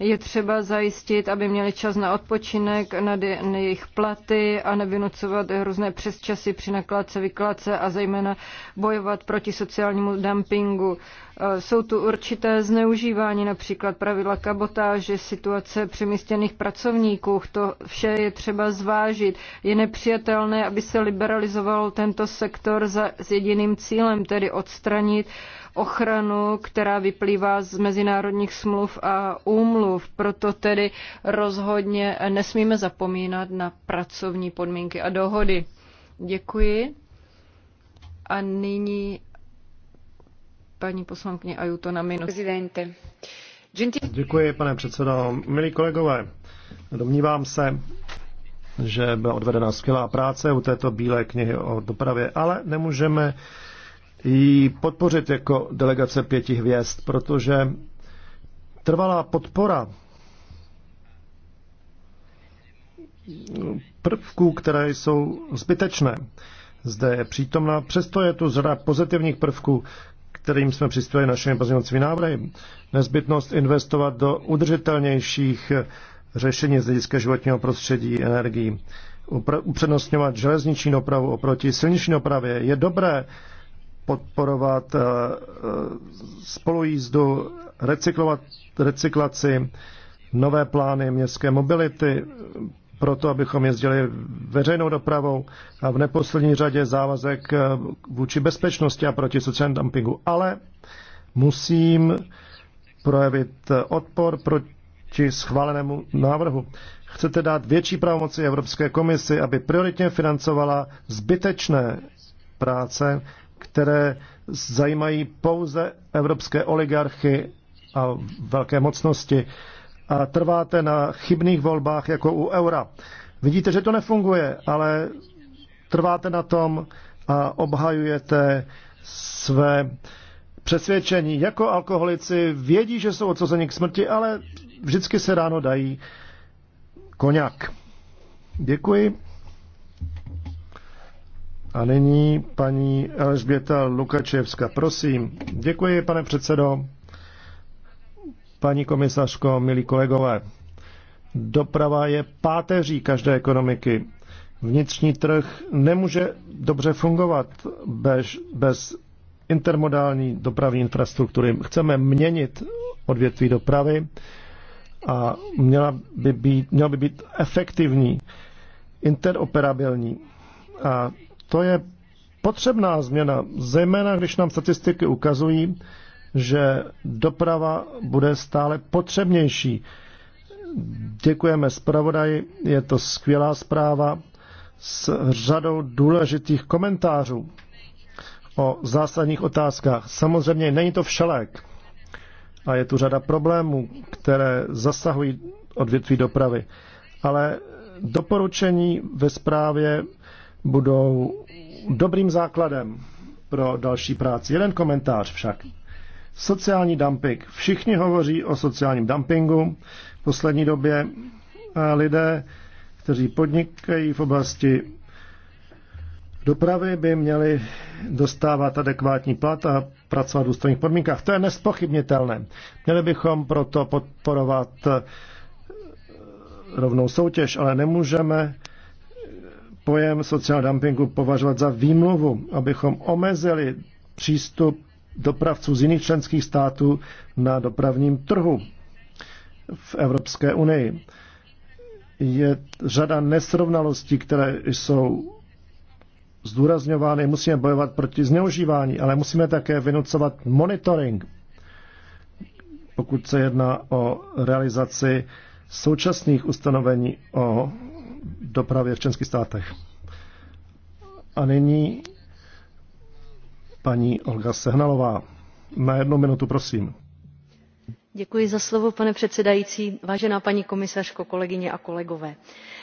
Je třeba zajistit, aby měli čas na odpočinek, na, na jejich platy a nevynucovat různé přesčasy při nakladce, vykladce a zejména bojovat proti sociálnímu dumpingu. E, jsou tu určité zneužívání, například pravidla kabotáže, situace přemístěných pracovníků. To vše je třeba zvážit. Je nepřijatelné, aby se liberalizoval tento sektor za, s jediným cílem, tedy odstranit uh, ochranu, která vyplývá z mezinárodních smluv a úmluv. Proto tedy rozhodně nesmíme zapomínat na pracovní podmínky a dohody. Děkuji. A nyní paní poslankyně Ajuto na minutu. Děkuji, pane předsedo. Milí kolegové, domnívám se, že byla odvedena skvělá práce u této bílé knihy o dopravě, ale nemůžeme ji podpořit jako delegace pěti hvězd, protože trvalá podpora prvků, které jsou zbytečné, zde je přítomna. Přesto je tu řada pozitivních prvků, kterým jsme přistojili našimi pozitivní návrhy. Nezbytnost investovat do udržitelnějších řešení z hlediska životního prostředí, energií. Upřednostňovat železniční dopravu oproti silniční dopravě. Je dobré podporovat eh, eh, spolujízdu, recyklovat, recyklaci, nové plány městské mobility, proto abychom jezdili veřejnou dopravou a v neposlední řadě závazek eh, vůči bezpečnosti a proti sociálnímu dumpingu. Ale musím projevit odpor proti schválenému návrhu. Chcete dát větší pravomoci Evropské komisi, aby prioritně financovala zbytečné práce, které zajímají pouze evropské oligarchy a velké mocnosti a trváte na chybných volbách jako u eura. Vidíte, že to nefunguje, ale trváte na tom a obhajujete své přesvědčení. Jako alkoholici vědí, že jsou odsouzeni k smrti, ale vždycky se ráno dají koněk. Děkuji. A nyní paní Alžběta Lukačevska. Prosím. Děkuji, pane předsedo. Paní komisařko, milí kolegové. Doprava je páteří každé ekonomiky. Vnitřní trh nemůže dobře fungovat bez, bez intermodální dopravní infrastruktury. Chceme měnit odvětví dopravy a měla by být, měla by být efektivní, interoperabilní. A to je potřebná změna, zejména když nám statistiky ukazují, že doprava bude stále potřebnější. Děkujeme zpravodaji, je to skvělá zpráva s řadou důležitých komentářů o zásadních otázkách. Samozřejmě není to všelék a je tu řada problémů, které zasahují odvětví dopravy, ale doporučení ve zprávě budou dobrým základem pro další práci. Jeden komentář však. Sociální dumping. Všichni hovoří o sociálním dumpingu v poslední době. Eh, lidé, kteří podnikají v oblasti dopravy, by měli dostávat adekvátní plat a pracovat v důstojných podmínkách. To je nespochybnitelné. Měli bychom proto podporovat eh, rovnou soutěž, ale nemůžeme pojem sociál dumpingu považovat za výmluvu, abychom omezili přístup dopravců z jiných členských států na dopravním trhu v Evropské unii. Je řada nesrovnalostí, které jsou zdůrazňovány. Musíme bojovat proti zneužívání, ale musíme také vynucovat monitoring, pokud se jedná o realizaci současných ustanovení o dopravě v členských státech. A nyní paní Olga Sehnalová. Na jednu minutu, prosím. Děkuji za slovo, pane předsedající. Vážená paní komisařko, kolegyně a kolegové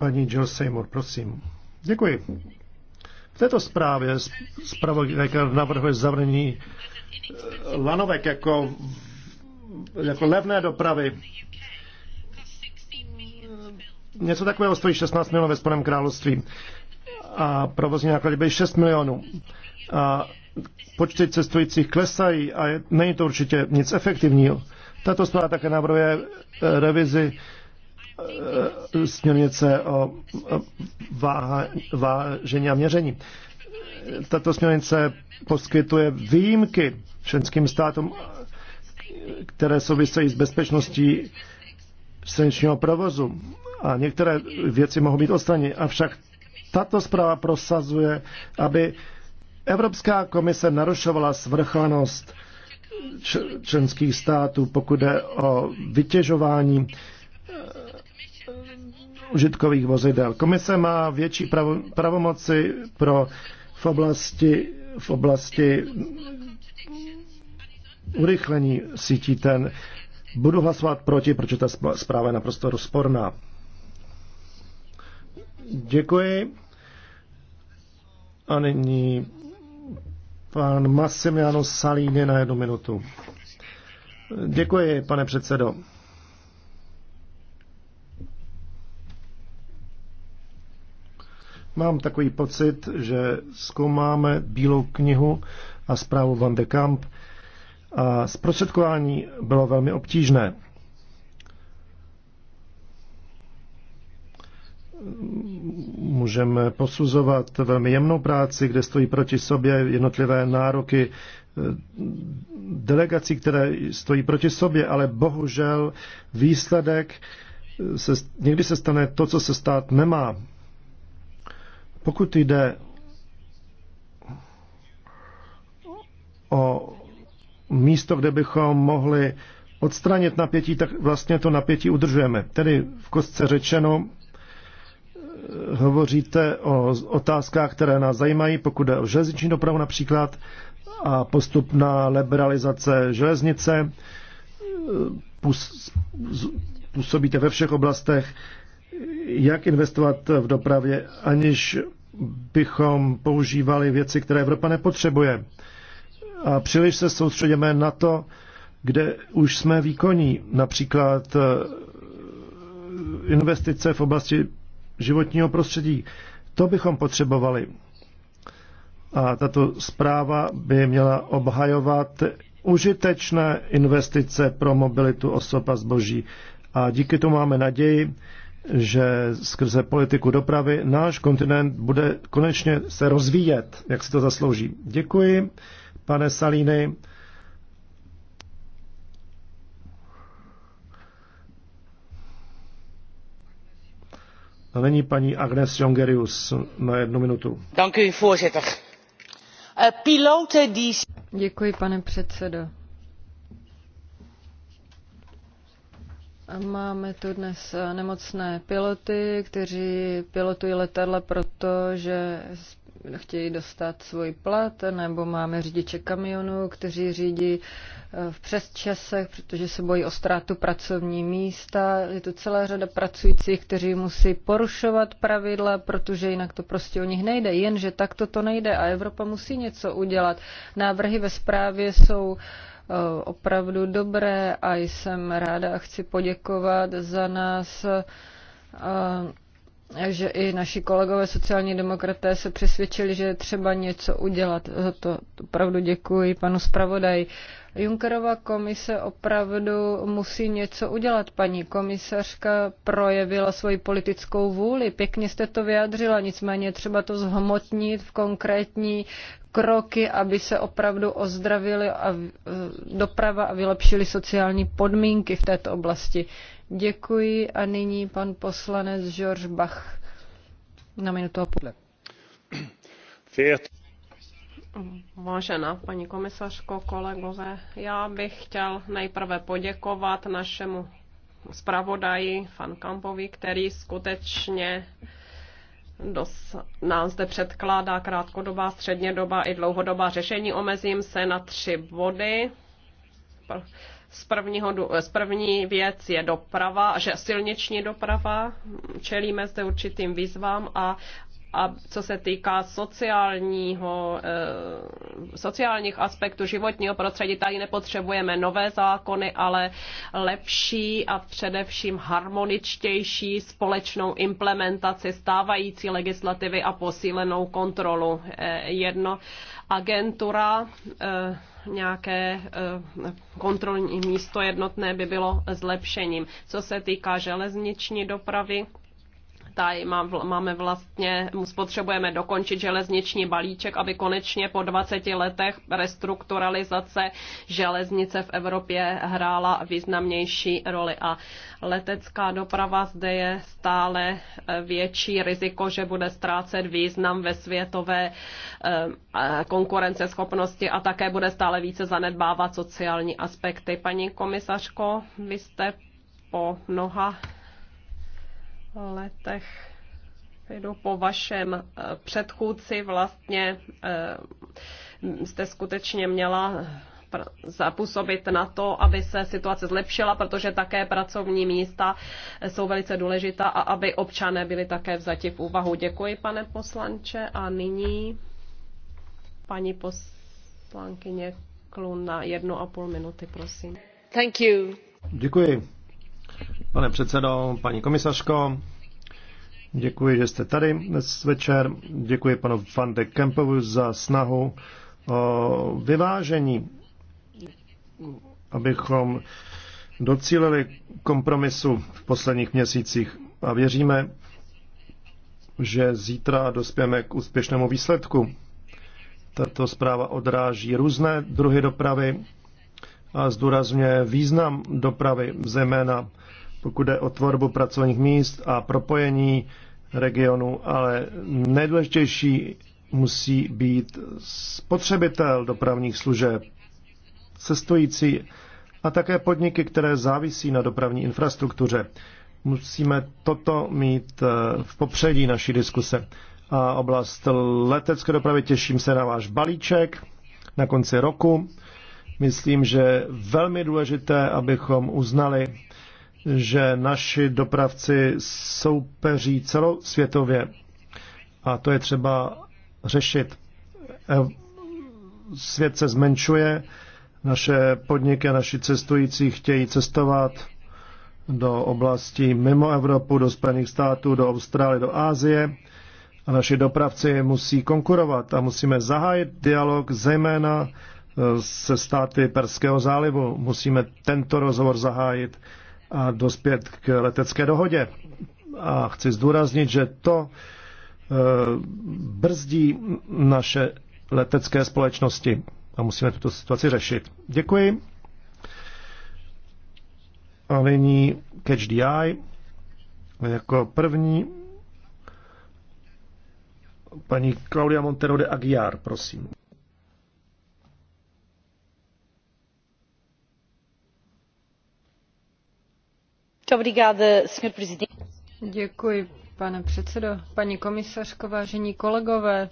Paní Jill Seymour, prosím. Děkuji. V této zprávě zpravodajka navrhuje zavření eh, lanovek jako, jako levné dopravy. Eh, něco takového stojí 16 milionů ve Spojeném království a provozní náklady byly 6 milionů. A počty cestujících klesají a není to určitě nic efektivního. Tato zpráva také navrhuje eh, revizi Eh, směrnice o vážení a měření. Tato směrnice poskytuje výjimky všem státům, které souvisejí s bezpečností silničního provozu a některé věci mohou být odstraněny. Avšak tato zpráva prosazuje, aby Evropská komise narušovala svrchanost členských států, pokud jde o vytěžování užitkových vozidel. Komise má větší pravo, pravomoci pro v oblasti, v oblasti urychlení sítí ten. Budu hlasovat proti, protože ta zpráva je naprosto rozporná. Děkuji. A nyní pan Massimiliano Salini na jednu minutu. Děkuji, pane předsedo. Mám takový pocit, že zkoumáme Bílou knihu a zprávu Van de Kamp a zprostředkování bylo velmi obtížné. Můžeme posuzovat velmi jemnou práci, kde stojí proti sobě jednotlivé nároky eh, delegací, které stojí proti sobě, ale bohužel výsledek se, někdy se stane to, co se stát nemá. Pokud jde o místo, kde bychom mohli odstranit napětí, tak vlastně to napětí udržujeme. Tedy v kostce řečeno, hovoříte o otázkách, které nás zajímají, pokud jde o železniční dopravu například a postupná liberalizace železnice. Působíte ve všech oblastech, jak investovat v dopravě, aniž bychom používali věci, které Evropa nepotřebuje. A příliš se soustředíme na to, kde už jsme výkonní, například eh, investice v oblasti životního prostředí. To bychom potřebovali. A tato zpráva by měla obhajovat užitečné investice pro mobilitu osob a zboží. A díky tomu máme naději, že skrze politiku dopravy náš kontinent bude konečně se rozvíjet, jak si to zaslouží. Děkuji, pane Salíny. A není paní Agnes Jongerius na jednu minutu. Eh, Děkuji, pane předsedo Máme tu dnes eh, nemocné piloty, kteří pilotují letadla proto, že chtějí dostat svůj plat, nebo máme řidiče kamionů, kteří řídí eh, v přesčasech, protože se bojí o ztrátu pracovní místa. Je tu celá řada pracujících, kteří musí porušovat pravidla, protože jinak to prostě o nich nejde. Jenže takto to nejde a Evropa musí něco udělat. Návrhy ve zprávě jsou uh, Eh, opravdu dobré a jsem ráda a chci poděkovat za nás eh, že i naši kolegové sociální demokraté se přesvědčili, že je třeba něco udělat. Za to opravdu děkuji panu zpravodaji. Junckerova komise opravdu musí něco udělat. Paní komisařka projevila svoji politickou vůli, pěkně jste to vyjadřila, nicméně třeba to zhmotnit v konkrétní kroky, aby se opravdu ozdravili a e, doprava a vylepšili sociální podmínky v této oblasti. Děkuji a nyní pan poslanec George Bach na minutu a půl. Vážená paní komisařko, kolegové, já bych chtěl nejprve poděkovat našemu zpravodaji Fan Kampovi, který skutečně dos, nám zde předkládá krátkodobá, střednědobá i dlouhodobá řešení. Omezím se na tři body. Z, prvního, z první věc je doprava, že silniční doprava, čelíme zde určitým výzvám a a co se týká sociálního, eh, sociálních aspektů životního prostředí, tady nepotřebujeme nové zákony, ale lepší a především harmoničtější společnou implementaci stávající legislativy a posílenou kontrolu. Eh, jedno agentura eh, nějaké kontrolní místo jednotné by bylo zlepšením. Co se týká železniční dopravy, Tady máme vlastně, spotřebujeme dokončit železniční balíček, aby konečně po 20 letech restrukturalizace železnice v Evropě hrála významnější roli. A letecká doprava zde je stále e, větší riziko, že bude ztrácet význam ve světové e, konkurenceschopnosti a také bude stále více zanedbávat sociální aspekty. Paní komisařko, vy jste po mnoha letech jdu po vašem eh, předchůdci vlastně eh, jste skutečně měla eh, zapůsobit na to, aby se situace zlepšila, protože také pracovní místa jsou velice důležitá a aby občané byli také vzati v úvahu. Děkuji, pane poslanče. A nyní paní poslankyně Kluna, na jednu a půl minuty, prosím. Thank you. Děkuji. Pane předsedo, paní komisařko, děkuji, že jste tady dnes večer. Děkuji panu Van de Kempovi za snahu o vyvážení, abychom docílili kompromisu v posledních měsících a věříme, že zítra dospěme k úspěšnému výsledku. Tato zpráva odráží různé druhy dopravy a zdůrazňuje význam dopravy, zejména pokud jde o tvorbu pracovních míst a propojení regionu, ale nejdůležitější musí být spotřebitel dopravních služeb, cestující a také podniky, které závisí na dopravní infrastruktuře. Musíme toto mít eh, v popředí naší diskuse. A oblast letecké dopravy těším se na váš balíček na konci roku. Myslím, že velmi důležité, abychom uznali že naši dopravci soupeří celosvětově a to je třeba řešit. Svět se zmenšuje, naše podniky a naši cestující chtějí cestovat do oblastí mimo Evropu, do Spojených států, do Austrálie, do Ázie a naši dopravci musí konkurovat a musíme zahájit dialog zejména e, se státy Perského zálivu. Musíme tento rozhovor zahájit a dospět k letecké dohodě. A chci zdůraznit, že to eh, brzdí naše letecké společnosti a musíme tuto situaci řešit. Děkuji. A nyní Catch the Eye. Jako první paní Claudia Montero de Aguiar, prosím. Děkuji, pane předsedající paní komisařko, vážení kolegové.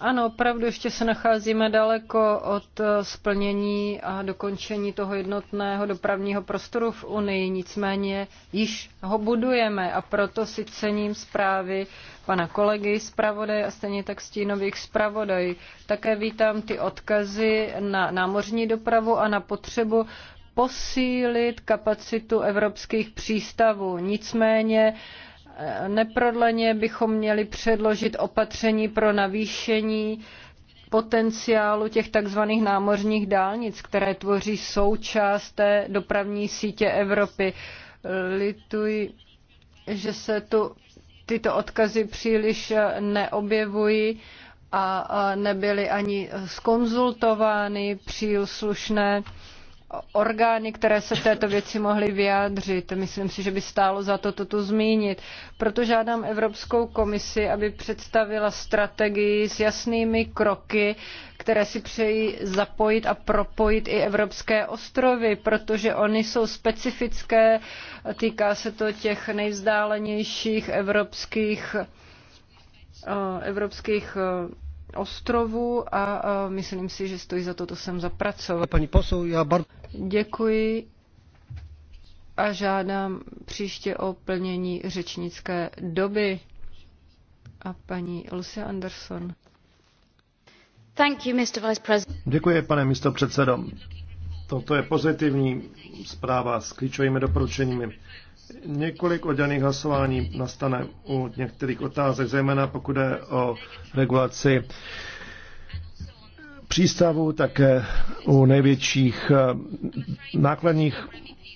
Ano, opravdu ještě se nacházíme daleko od eh, splnění a dokončení toho jednotného dopravního prostoru v Unii, nicméně již ho budujeme a proto si cením zprávy pana kolegy zpravodaje a stejně tak stínových zpravodajů. Také vítám ty odkazy na námořní dopravu a na potřebu posílit kapacitu evropských přístavů. Nicméně eh, neprodleně bychom měli předložit opatření pro navýšení potenciálu těch tzv. námořních dálnic, které tvoří součást té dopravní sítě Evropy. Lituji, že se tu tyto odkazy příliš neobjevují a nebyly ani skonzultovány příslušné slušné orgány, které se v této věci mohly vyjádřit. Myslím si, že by stálo za to toto zmínit. Proto žádám Evropskou komisi, aby představila strategii s jasnými kroky, které si přejí zapojit a propojit i evropské ostrovy, protože oni jsou specifické, týká se to těch nejvzdálenějších evropských eh, evropských eh, ostrovu a myslím si, že stojí za to, to jsem zapracoval. Pani posou, já bar... Děkuji a žádám příště o plnění řečnické doby. A paní Lucia Anderson. Thank you, Mr. Vice President. Děkuji, pane předsedo. Toto je pozitivní zpráva s klíčovými doporučeními. Několik oddělených hlasování nastane u některých otázek, zejména pokud je o regulaci přístavu, také u největších eh, nákladních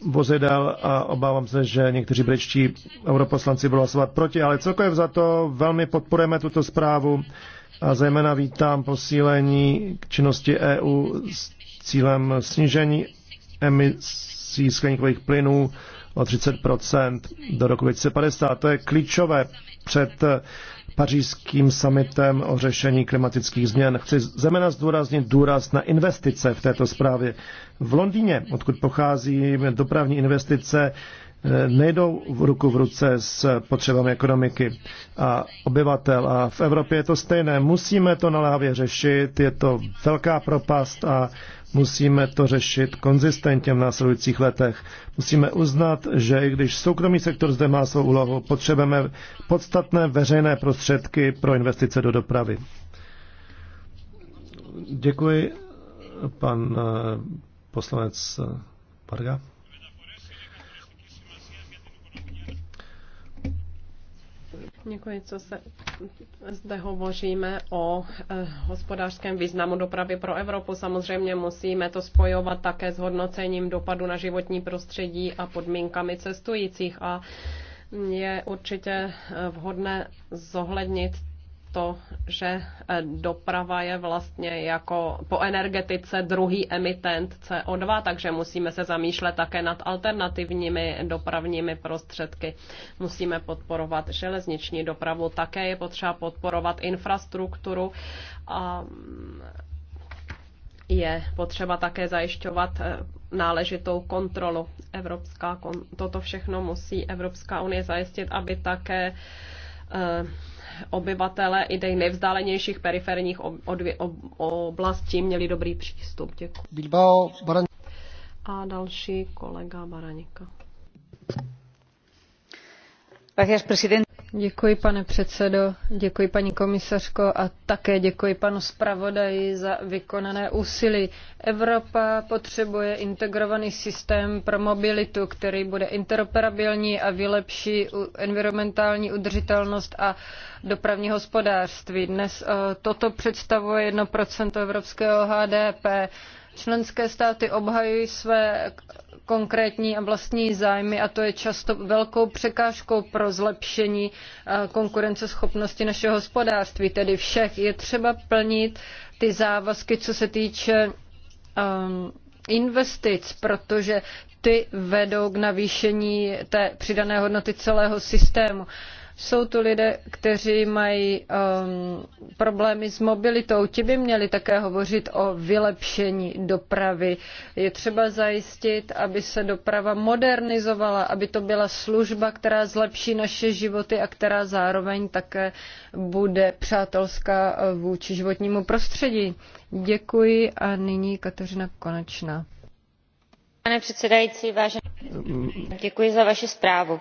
vozidel a obávám se, že někteří britští europoslanci budou hlasovat proti, ale celkově za to velmi podporujeme tuto zprávu a zejména vítám posílení k činnosti EU s cílem snížení emisí skleníkových plynů o 30 do roku 2050. To je klíčové před pařížským summitem o řešení klimatických změn. Chci zemena zdůraznit důraz na investice v této zprávě. V Londýně, odkud pochází dopravní investice, eh, nejdou v ruku v ruce s potřebami ekonomiky a obyvatel. A v Evropě je to stejné. Musíme to naléhavě řešit. Je to velká propast a Musíme to řešit konzistentně v následujících letech. Musíme uznat, že i když soukromý sektor zde má svou úlohu, potřebujeme podstatné veřejné prostředky pro investice do dopravy. Děkuji, pan eh, poslanec Parga. Děkuji, co se zde hovoříme o eh, hospodářském významu dopravy pro Evropu. Samozřejmě musíme to spojovat také s hodnocením dopadu na životní prostředí a podmínkami cestujících a je určitě eh, vhodné zohlednit to, že eh, doprava je vlastně jako po energetice druhý emitent CO2, takže musíme se zamýšlet také nad alternativními dopravními prostředky. Musíme podporovat železniční dopravu, také je potřeba podporovat infrastrukturu a mm, je potřeba také zajišťovat eh, náležitou kontrolu. Evropská, toto všechno musí Evropská unie zajistit, aby také eh, obyvatele i těch nejvzdálenějších periferních oblastí měli dobrý přístup. Děkuji. A další kolega Baranika. Gracias, presidente. Děkuji, pane předsedo, děkuji, paní komisařko, a také děkuji panu zpravodaji za vykonané úsilí. Evropa potřebuje integrovaný systém pro mobilitu, který bude interoperabilní a vylepší environmentální udržitelnost a dopravní hospodářství. Dnes eh, toto představuje 1% evropského HDP Členské státy obhajují své konkrétní a vlastní zájmy a to je často velkou překážkou pro zlepšení eh, konkurenceschopnosti našeho hospodářství, tedy všech. Je třeba plnit ty závazky, co se týče ehm, investic, protože ty vedou k navýšení té přidané hodnoty celého systému. Jsou tu lidé, kteří mají um, problémy s mobilitou. Ti by měli také hovořit o vylepšení dopravy. Je třeba zajistit, aby se doprava modernizovala, aby to byla služba, která zlepší naše životy a která zároveň také bude přátelská uh, vůči životnímu prostředí. Děkuji a nyní Kateřina Konečná. Pane předsedající, vážený, mm. děkuji za vaši zprávu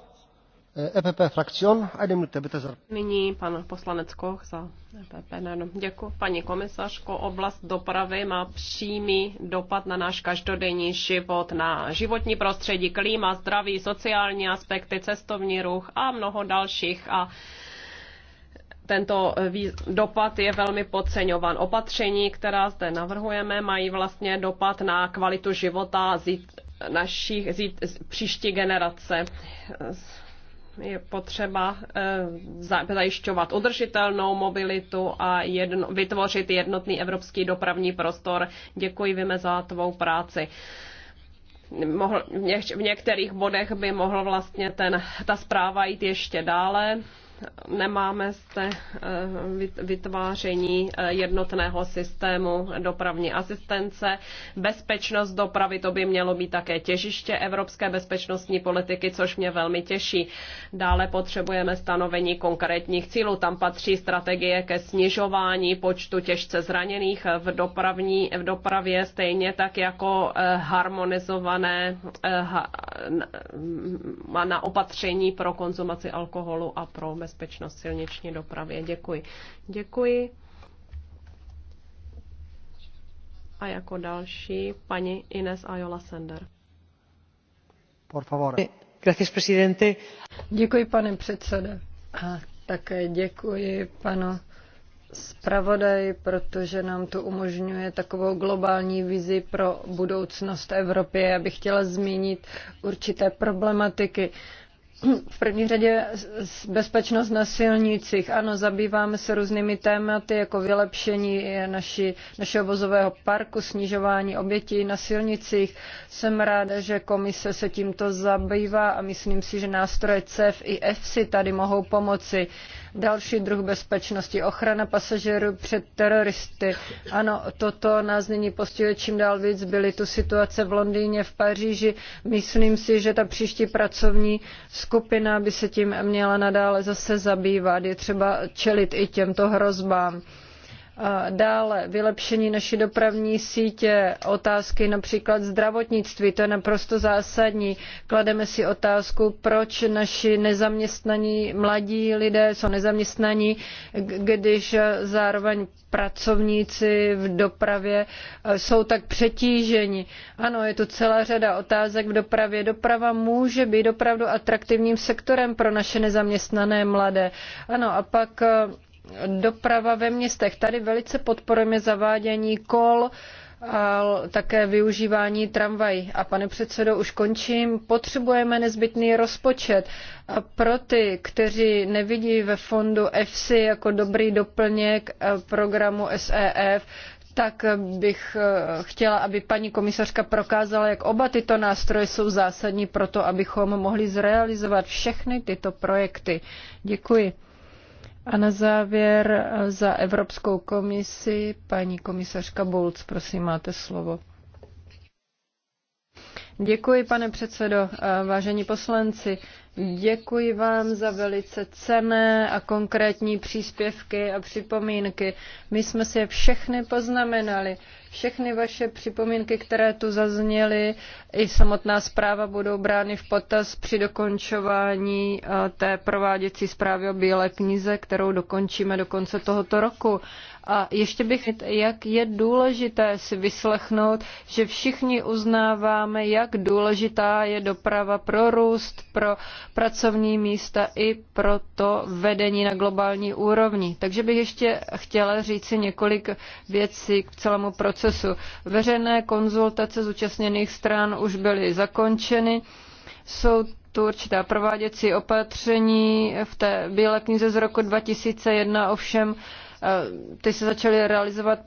EPP eh, e frakcion. Nyní pan poslanec Koch za EPP. No, děkuji. Paní komisařko, oblast dopravy má přímý dopad na náš každodenní život, na životní prostředí, klima, zdraví, sociální aspekty, cestovní ruch a mnoho dalších. A tento eh, dopad je velmi podceňovan. Opatření, která zde navrhujeme, mají vlastně dopad na kvalitu života našich příští generace je potřeba eh, zajišťovat udržitelnou mobilitu a jedno, vytvořit jednotný evropský dopravní prostor. Děkuji Vime za tvou práci mohl, v, něk, v některých bodech by mohl vlastně ten, ta zpráva jít ještě dále nemáme zde eh, vytváření eh, jednotného systému dopravní asistence. Bezpečnost dopravy, to by mělo být také těžiště evropské bezpečnostní politiky, což mě velmi těší. Dále potřebujeme stanovení konkrétních cílů. Tam patří strategie ke snižování počtu těžce zraněných v, dopravní, v dopravě, stejně tak jako eh, harmonizované na opatření pro konzumaci alkoholu a pro bezpečnost bezpečnost silniční dopravě. Děkuji. Děkuji. A jako další paní Ines Ayola Sender. Por favor. Gracias, presidente. Děkuji, pane předsede. A také děkuji panu zpravodaj, protože nám to umožňuje takovou globální vizi pro budoucnost Evropy. Já bych chtěla zmínit určité problematiky v první řadě bezpečnost na silnicích. Ano, zabýváme se různými tématy, jako vylepšení naši, našeho vozového parku, snižování obětí na silnicích. Jsem ráda, že komise se tímto zabývá a myslím si, že nástroje CEF i EFSI tady mohou pomoci. Další druh bezpečnosti, ochrana pasažerů před teroristy. Ano, toto nás nyní postihuje čím dál víc. Byly tu situace v Londýně, v Paříži. Myslím si, že ta příští pracovní skupina by se tím měla nadále zase zabývat. Je třeba čelit i těmto hrozbám. Dále vylepšení naší dopravní sítě, otázky například zdravotnictví, to je naprosto zásadní. Klademe si otázku, proč naši nezaměstnaní mladí lidé jsou nezaměstnaní, když zároveň pracovníci v dopravě e, jsou tak přetíženi. Ano, je tu celá řada otázek v dopravě. Doprava může být opravdu atraktivním sektorem pro naše nezaměstnané mladé. Ano, a pak e, doprava ve městech. Tady velice podporujeme zavádění kol, a také využívání tramvají. A pane předsedo, už končím. Potřebujeme nezbytný rozpočet. pro ty, kteří nevidí ve fondu EFSI jako dobrý doplněk eh, programu SEF, tak bych eh, chtěla, aby paní komisařka prokázala, jak oba tyto nástroje jsou zásadní pro to, abychom mohli zrealizovat všechny tyto projekty. Děkuji. A na závěr eh, za Evropskou komisi paní komisařka Bulc, prosím, máte slovo. Děkuji, pane předsedo. Eh, vážení poslanci, Děkuji vám za velice cené a konkrétní příspěvky a připomínky. My jsme si je všechny poznamenali. Všechny vaše připomínky, které tu zazněly, i samotná zpráva budou brány v potaz při dokončování eh, té prováděcí zprávy o Bílé knize, kterou dokončíme do konce tohoto roku. A ještě bych, jak je důležité si vyslechnout, že všichni uznáváme, jak důležitá je doprava pro růst, pro pracovní místa i pro to vedení na globální úrovni. Takže bych ještě chtěla říci několik věcí k celému procesu. Veřejné konzultace zúčastněných stran už byly zakončeny. Jsou tu určitá prováděcí opatření v té bílé knize z roku 2001, ovšem eh, ty se začaly realizovat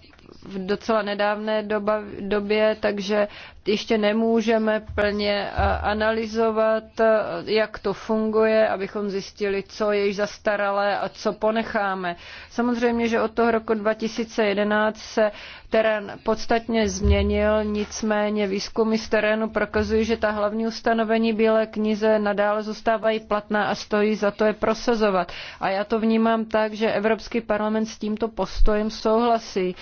v docela nedávné doba, době, takže ještě nemůžeme plně eh, analyzovat, eh, jak to funguje, abychom zjistili, co je již zastaralé a co ponecháme. Samozřejmě, že od toho roku 2011 se terén podstatně změnil, nicméně výzkumy z terénu prokazují, že ta hlavní ustanovení Bílé knize nadále zůstávají platná a stojí za to je prosazovat. A já to vnímám tak, že Evropský parlament s tímto postojem souhlasí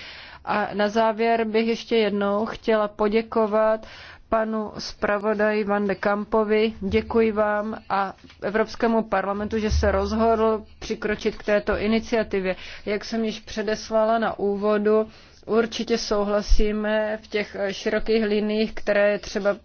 a na závěr bych ještě jednou chtěla poděkovat panu zpravodaji Van de Kampovi. Děkuji vám a Evropskému parlamentu, že se rozhodl přikročit k této iniciativě. Jak jsem již předeslala na úvodu, Určitě souhlasíme v těch širokých liniích, které je třeba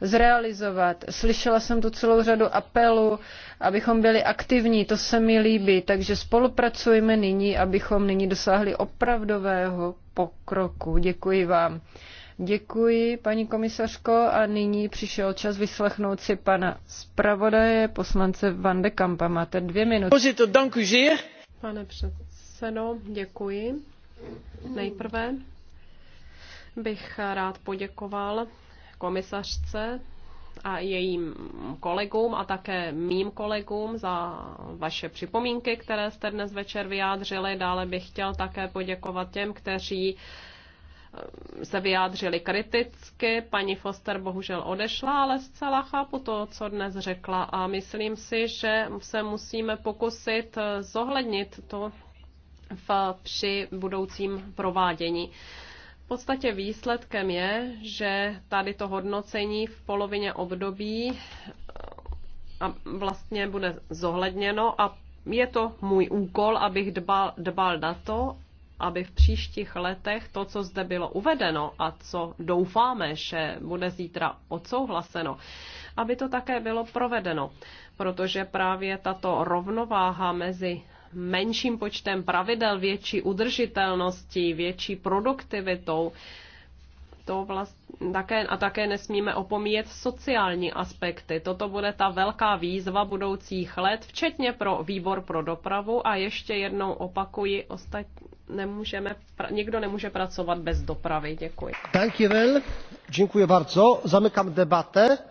zrealizovat. Slyšela jsem tu celou řadu apelů, abychom byli aktivní, to se mi líbí, takže spolupracujeme nyní, abychom nyní dosáhli opravdového pokroku. Děkuji vám. Děkuji, paní komisařko, a nyní přišel čas vyslechnout si pana zpravodaje, poslance Van de Kampa. Máte dvě minuty. Pane předsedo, děkuji. Nejprve bych rád poděkoval komisařce a jejím kolegům a také mým kolegům za vaše připomínky, které jste dnes večer vyjádřili. Dále bych chtěl také poděkovat těm, kteří eh, se vyjádřili kriticky. Paní Foster bohužel odešla, ale zcela chápu to, co dnes řekla a myslím si, že se musíme pokusit eh, zohlednit to, v, při budoucím provádění. V podstatě výsledkem je, že tady to hodnocení v polovině období eh, a vlastně bude zohledněno a je to můj úkol, abych dbal, dbal na to, aby v příštích letech to, co zde bylo uvedeno a co doufáme, že bude zítra odsouhlaseno, aby to také bylo provedeno, protože právě tato rovnováha mezi menším počtem pravidel, větší udržitelností, větší produktivitou. To vlastně, také, a také nesmíme opomíjet sociální aspekty. Toto bude ta velká výzva budoucích let, včetně pro výbor pro dopravu. A ještě jednou opakuji, ostat, nemůžeme, nikdo nemůže pracovat bez dopravy. Děkuji. Děkuji, děkuji bardzo. Zamykám debatu